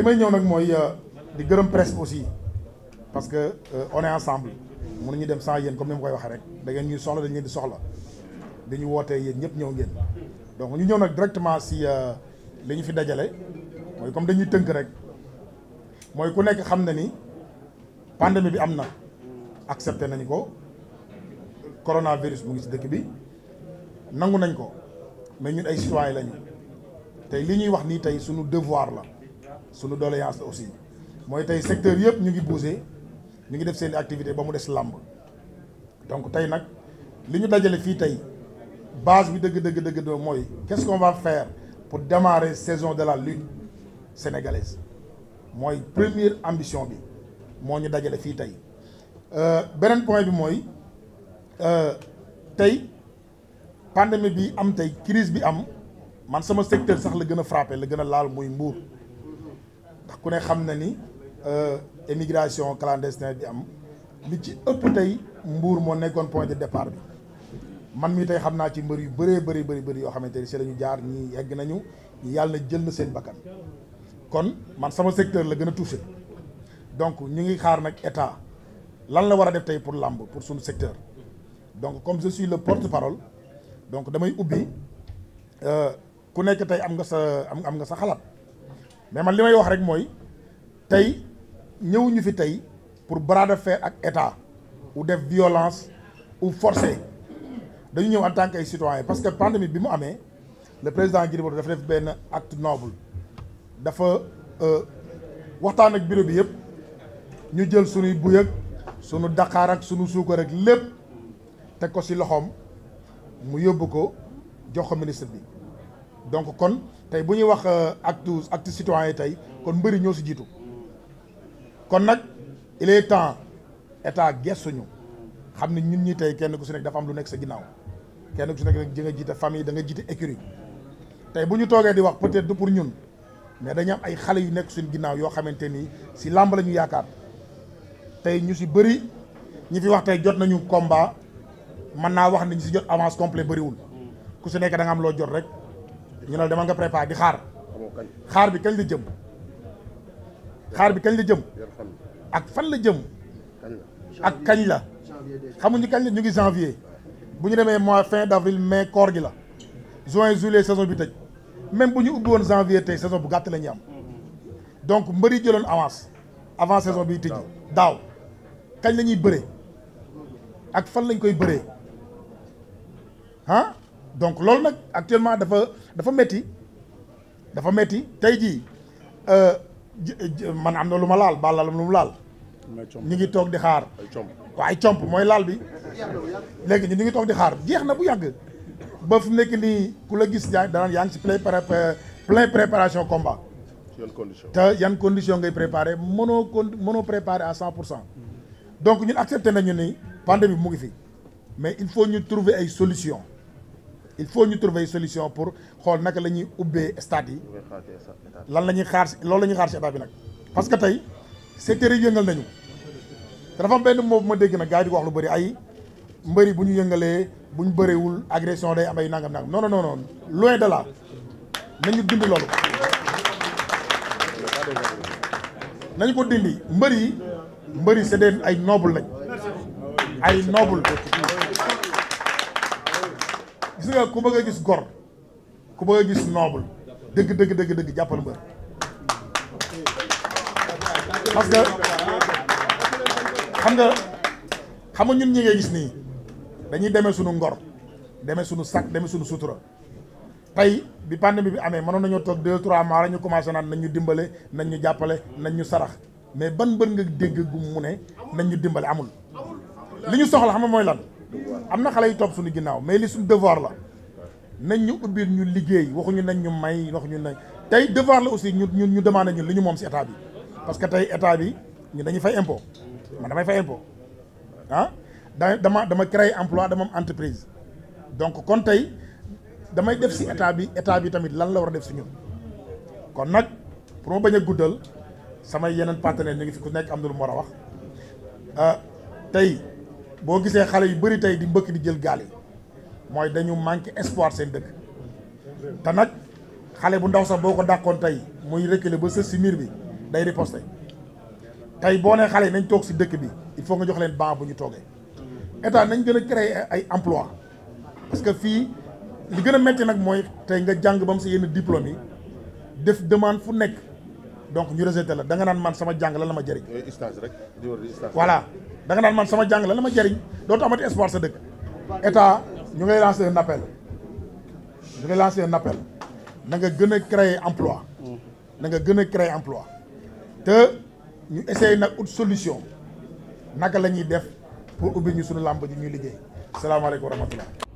fi may ñëw nag mooy euh, di gërëm presque aussi parce que euh, on mun ensemble mënuñu dem sans yéen comme ni ma koy waxee rek da ngeen ñuy soxla dañ leen di soxla dañuy wootee yéen ñëpp ñëw ngeen donc ñu ñëw nag directement si euh, li ñu fi dajale mooy comme dañuy tënk rek mooy ku nekk xam na ni pandémie bi am na accepté nañ ko coronavirus mu ngi dëkk bi nangu nañ ko mais ñun ay citoyen lañu tey li ñuy wax nii tey suñu devoir la sunu doléance aussi mooy tey secteur yëpp ñu ngi bougé ñu ngi def seen activité ba mu des làmb donc tey nag li ñu dajale fii tey base bi dëgg dëgg dëgg doo mooy qu'est-ce qu'on va faire pour démarrer saison de la lutte sénégalaise mooy première ambition bi moo ñu dajale fii tey euh, beneen point bi mooy euh, tey pandémie bi am tey crise bi am man sama secteur sax la gën a frappé la gën a laal muy mbuur ku ne xam na ni euh, émigration clandestine bi am li ci ëpp tey mbuur moo nekkoon point de départ bi man mi tey xam naa ci mbër yu bëree bëri bëri bëri yoo xamante ni si la ñu jaar ñii yegg nañu ñu yàlla jël na seen bakkan kon man sama secteur la gën a touché donc ñu ngi xaar nag état lan la war a def tey pour làmb pour suñu secteur donc comme je suis le porte-parole donc damay ubbi euh, ku nekk tey am nga sa am nga sa xalaat mais man li may wax rek mooy tey ñëw ñu fi tey pour bras de ak état u def violence u forcer dañu ñëw en tant que ay citoyen parce que pandémie bi mu amee le président Gris Bordeaux dafa def benn acte noble dafa euh, waxtaan ak bureau bi yëpp ñu jël sunuy buy ak sunu daqaarak sunu suukar ak lépp teg ko si loxoom mu yóbbu ko jox ko ministre bi donc kon tey bu ñuy wax euh, acte acte citoyen tey kon mbëri ñoo si jiitu kon nag il est temps état gestuñu xam ne ñun ñi tey kenn ku si nekk dafa am lu nekk sa ginnaaw kenn ku si nekk rek ji nga jiite famille da nga jiite écurie tey bu ñu toogee di wax peut-être du pour ñun mais dañu am ay xale yu nekk suñu ginnaaw yoo xamante ni si làmb la ñu yaakaar tey ñu si bëri ñi fi wax tey jot nañu combat mën naa wax ne ñu si jot avance complet bëriwul ku si nekk am loo jot rek. ñu ne demal nga préparé di xaar xaar bi kañ la jëm xaar bi kañ la jëm ak fan la jëm ak kañ la xamuñu kañ la ñu ngi janvier bu ñu demee mois fin d' avril mai koor gi la juin juillet saison bi tëj même bu ñu ubbi woon janvier tey saison bu gàtt la ñuy am donc mbër jëloon avance avant saison bi tëj daaw kañ la ñuy bëree ak fan lañ koy bëree ah donc loolu nag actuellement dafa dafa metti dafa metti tey jii euh, man am na lu ma laal bàllal lu mu laal ñu ngi toog di xaar waaye comp mooy laal bi léegi ñu ngi toog di xaar jeex na bu yàgg ba fu nekk nii ku la gis yaa danaan yaa ngi si plein plein préparation combat te yan condition ngay préparé mënoo con mënoo préparé à cent pour cent donc ñun accepté nañu ni pandémie bi mu ngi fi mais il faut ñu trouver ay solution il faut ñu trouver solution pour xool naka la ñuy ubbee stade yi lan la ñuy xaar loolu la ñuy xaar si état bi nag parce que tey secteur yëngal nañu te dafa am benn moo bu ma dégg na gars di ko wax lu bëri ay mbëri bu ñu yëngalee bu ñu bëriwul agression day am ay nangam nangam non non non loin de la nañu dindi loolu nañu ko dindi mbër yi mbër yi ay noble lañ ay noble nga ku bëgg a gis gor ku bëgg gis noble dëgg dëgg dëgg dëgg jàppal mbër parce que xam nga xam nga ñun ñi ngay gis nii dañuy demee sunu ngor demee suñu sac deme suñu sutura tey bi pandémie bi amee mënoon nañoo toog deux trois mois rek ñu commencé naan nañ ñu dimbale nañ ñu jàppale nañ ñu sarax mais ban bër nga dégg gu mu ne nañ ñu dimbale amul li ñu soxla xam mooy lan am na xale yu topp suñu ginnaaw mais li suñu devoir la nañ ñu ubbil ñu liggéey waxuñu nañ ñu may waxuñu nañ tey devoir la aussi ñu ñu ñu demandé ñun li ñu moom si état bi parce que tey état bi ñu dañuy fay impôt damay fay impôt ah da dama dama créer emploi dama am entreprise donc kon tey damay def si état bi état bi tamit lan la war a def si ñun kon nag pour ma bañ a guddal sama yeneen partenaires ñu ngi fi ku nekk am na lu mu war a wax ah, tey boo gisee xale yu bëri tey di mbëkk di jël gaal yi mooy dañu manqué espoir seen dëkk te nag xale bu ndaw sax boo ko dàqoon tey muy reculer ba sës si miir bi day riposter tey boo nee xale yi nañ toog si dëkk bi il faut nga jox leen banc bu ñu toogee état nañ gën a créer ay emploi parce que fii li gën a métti nag mooy tey nga jàng ba mu sa yenn diplôme yi def demande fu nekk donc ñu rejeté la da nga naan man sama jàng la la ma jëriñ. stage rek voilà da naan man sama jàng la ma jëriñ doo amati espoir sa dëkk état ñu ngay lancé un appel ñu ngay lancé un na nga gën a créer emploi na nga gën a créer emploi te ñu essayer nag ut solution naka la ñuy def pour ubbi ñu suñu làmb ji ñuy liggéey salaamaaleykum wa rahmatullah